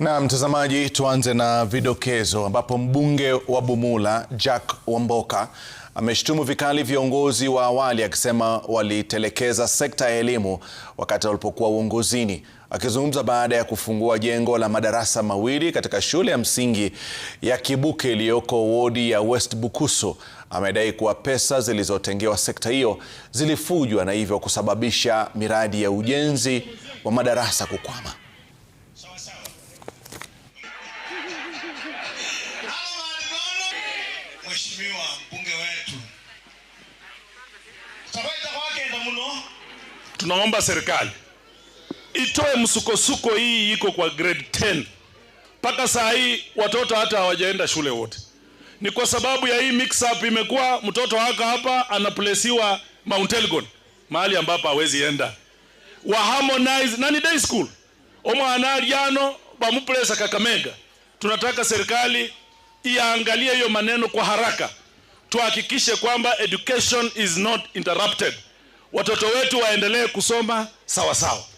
Na mtazamaji, tuanze na vidokezo ambapo mbunge wa Bumula Jack Wamboka ameshtumu vikali viongozi wa awali akisema walitelekeza sekta ya elimu wakati walipokuwa uongozini. Akizungumza baada ya kufungua jengo la madarasa mawili katika shule ya msingi ya Kibuke iliyoko wodi ya West Bukusu, amedai kuwa pesa zilizotengewa sekta hiyo zilifujwa na hivyo kusababisha miradi ya ujenzi wa madarasa kukwama. mbunge wetu tunaomba serikali itoe msukosuko hii iko kwa grade 10 mpaka saa hii watoto hata hawajaenda shule wote. Ni kwa sababu ya hii mix up, imekuwa mtoto wako hapa anaplesiwa Mount Elgon mahali ambapo hawezi enda wa Harmonize nani day school omwana aliano bamupulesa Kakamega. Tunataka serikali iangalie hiyo maneno kwa haraka, tuhakikishe kwamba education is not interrupted, watoto wetu waendelee kusoma sawa sawa.